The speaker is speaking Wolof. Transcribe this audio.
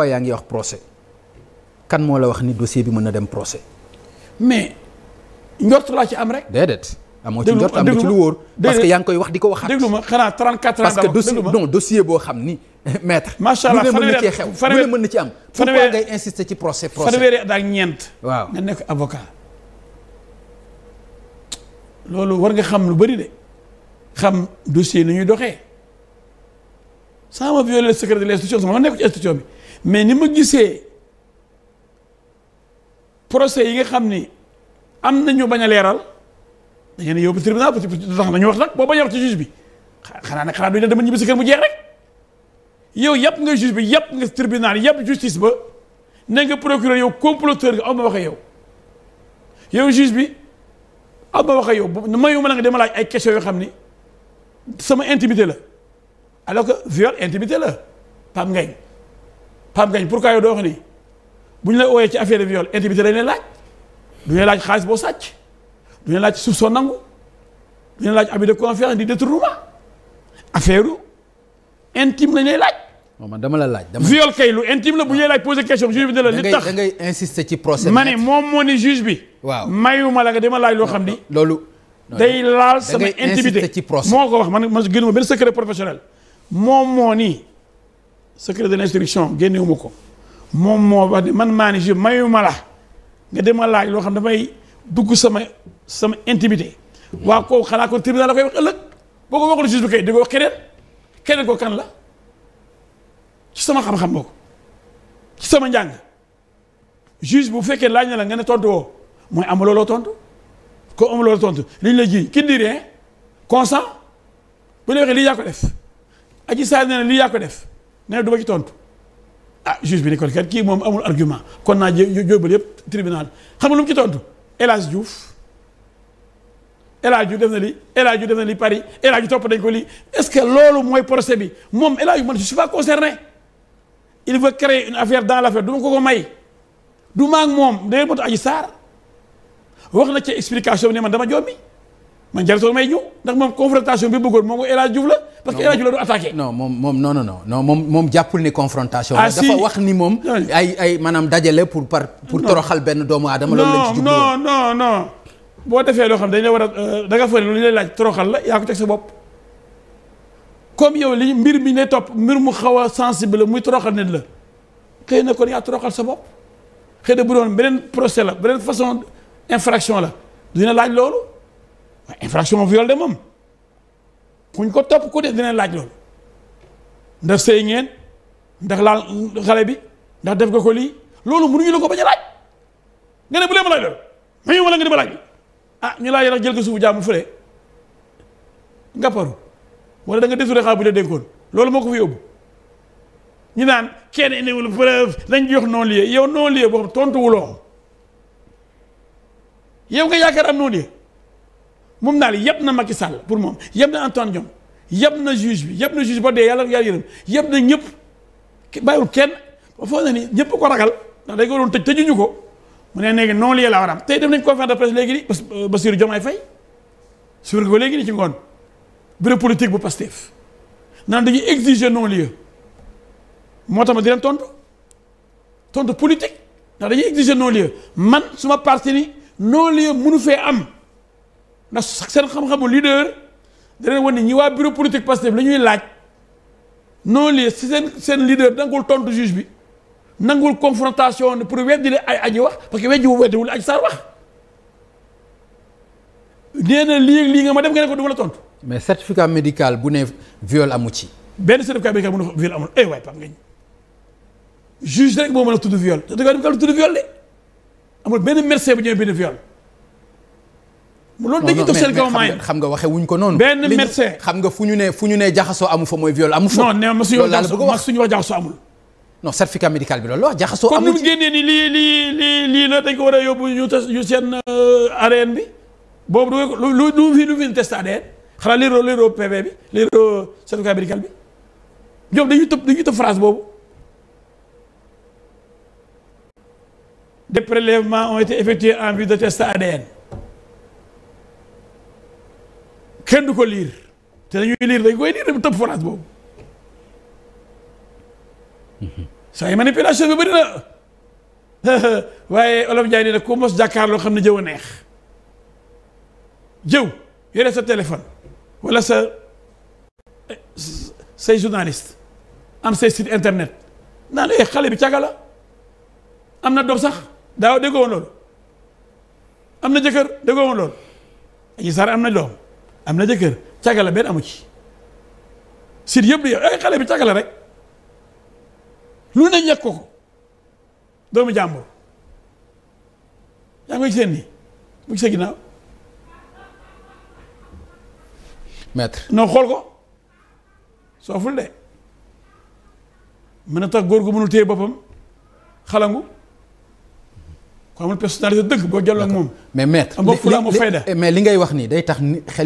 fois yaa ngi wax procès kan moo la wax ni dossier bi mën na dem procès. mais njort laa ci am rek. déedéet amoo ci njort am nga ci lu wóor. parce que yaa ngi koy wax di ko waxaat. déglu ma xanaa 34 ans parce que dossier non dossier boo xam ni maître. macha allah fanweeri lu ne mën na ci am. pourquoi ngay insister ci procès procès fanweeri at ak ñeent. waaw nga nekk avocat. loolu war nga xam lu bari de xam dossier ni ñuy doxee. sans ma violer secret de l'institution sama nekk ci institution bi. mais ni ma gisee procès yi nga xam ni am nañu bañ a leeral da ngeen yóbbu tribunal parce que tax nañu wax nag boo a wax ci juge bi xanaa nag xanaa duñ ne dama ñibbi si kër mu jeex rek yow yàpp nga juge bi yàpp nga tribunal yàpp justice ba ne nga procureur yow comploteur nga aw ma wax ak yow yow juge bi am ma waxee ak yow mayu ma la nga dama laaj ay questions yoo xam ni sama intimité la alors que viol intimité la pam ngay Pape Ngagne pour yow doo wax nii bu ñu la ooyee ci affaire de viol intimité dañ lay laaj du ñu laaj xaalis boo sàcc du ñu laaj soupçon nangu du ñu laaj abus de confiance di détournement affaire intime lañ lay laaj. dama la laaj. dama viol kay lu intime la bu ñu lay laaj poser question juge bi ne la. li tax da ngay insister ci ma ne moom moo ni juge bi. mayuma la nga dama laaj loo xam ni. loolu. day laal sama intimité moo ko wax ma man man gënuma benn secret professionnel moom moo nii. secret de l'instruction génnewuma ko moom moo wax ne man maa ni je mayuma la nga dem a laaj loo xam dafay dugg sama sama intimité waa kooku xanaa kon tribunal la koy wax ëllëg boo ko waxul juge bi kay di ko wax keneen ko kan la ci sama xam-xam boo ci sama njàng juge bu fekkee laaj na la nga ne tontu woo mooy amuloo loo tontu ko amuloo loo tontu liñ la ji ki diree consent bu la waxee lii yaa ko def aji saa ne lii yaa def nee du ma ci tontu ah juge bi ni kon kat kii moom amul argument kon naa jóobal yëpp tribunal xam nga lu mu ci tontu El Hadj Diouf El Hadj def na li El Hadj def na li Paris El Hadj topp dañ ko lii est-ce que loolu mooy procès bi moom El Hadj man je suis pas concerné il veut créer une affaire dans l'affaire du ma ko may du maag moom day mot aji saar wax na ci explication bi ne man dama jommi. ma man Jalso may ñëw ndax moom confrontation bi bëggoon moom El Hadj Diouf la. parce que El Hadj Diouf la du attaqué. non moom moom non non non moom moom jàppul ni confrontation. Ah, dafa wax ni moom. ay ay maanaam dajale pour par pour toroxal benn doomu aadama. loolu lañ ci jublu non non non. boo defee loo xam dañ la war a euh, da nga foog ne ñu lay laaj toroxal la yaa ko teg sa bopp. comme yow li ñu mbir mi ne topp mbir mu xaw a sensible muy toroxal nit la xëy na kon yaa toroxal sa bopp xëy bu doon beneen procès la beneen façon infraction la dina laaj loolu. infraction viol de moom kuñ ko topp ku def dina laaj loolu ndax sëy ngeen ndax laal xale bi ndax def nga ko lii loolu mënuñu la ko bañ a laaj nga ne bu leen ma laaj loolu wala nga di ma ah, ñu laaj rek jël ko suufu jaamu fële nga paru wala da nga bu ñu la dénkoon loolu moo ko fi yóbbu ñu naan kenn indiwul preuve nañ jox non lieu yow non lieu boo yow nga yaakaar am non lieu moom daal yëpp na Macky Sall pour moom yëpp na Antoine Diome yëpp na juge bi yëpp na juge ba dee yàlla yàlla yërëm yëpp na ñëpp bàyyiwul kenn foo na ni ñëpp ko ragal ndax dañ ko doon tëj tëjuñu ko mu ne léegi non lii la war am tey def nañ conférence de presse léegi di euh, Bassirou Diomaye Faye suur ko léegi di ci ngoon bureau politique bu Pastef naan dañuy exiger non lieu moo tax ma di leen tontu tontu politique ndax dañuy exiger non lieu man suma parti ni non lieu mënu fee am ndax seen xam-xamu leader da leen wan ñi waa bureau politique Pastef la ñuy laaj non lii si seen seen leader nangul tontu juge bi nangul confrontation pour weddi ay aji wax parce que weddi wu aji saar wax nee na lii lii nga ma dem nga ne ko du ma la tontu. mais certificat médical bu ne viol amu ci. benn certificat médical bu ne viol amul eh waay Pape Ngagne juge rek moo mën a tudd viol certificat médical amul benn médecin bu ñëwee benn loolu dañuy toog seen xam nga waxe ko noonu benn médecin xam nga fu ñu ne fu ñu ne jaxasoo amu fa mooy viol amu fa non ne ma suñu wax médical bi loolu wax jaxasoo amul comme ni mu génnee lii lii dañ ko war a yóbbu ñu ñu seen euh, ADN bi bi liiroo certificat médical bi ñoom dañuy dañuy tëb phrase boobu des prélèvements ont été effectués en vue de test ADN kenn du ko liir te dañuy liir dañ koy liir dañu tëb phrase boobu saa yi manipulation bi bëri waaye olof Njaay nee ku mos jàkkaarloo xam ne jëw a neex jëw yore sa téléphone walla sa say journaliste am say site internet naan la eh, xale bi caga la am na doom sax daaw déggoo woon loolu am na jëkkër déggoo woon loolu aji saar am na doom am na jëkkër cagala benn amu ci sit yëpp di ay xale bi cagala rek lu ne ñekk ko ko doomu jàmbur yaa ngi koy seen nii mu gisee xool ko sooful de mën a tax góor gu mënul téye boppam xalangu ko amul personnalité dëgg boo jëloon moom mais maître am nga fula fayda mais li ngay wax nii day tax ni xel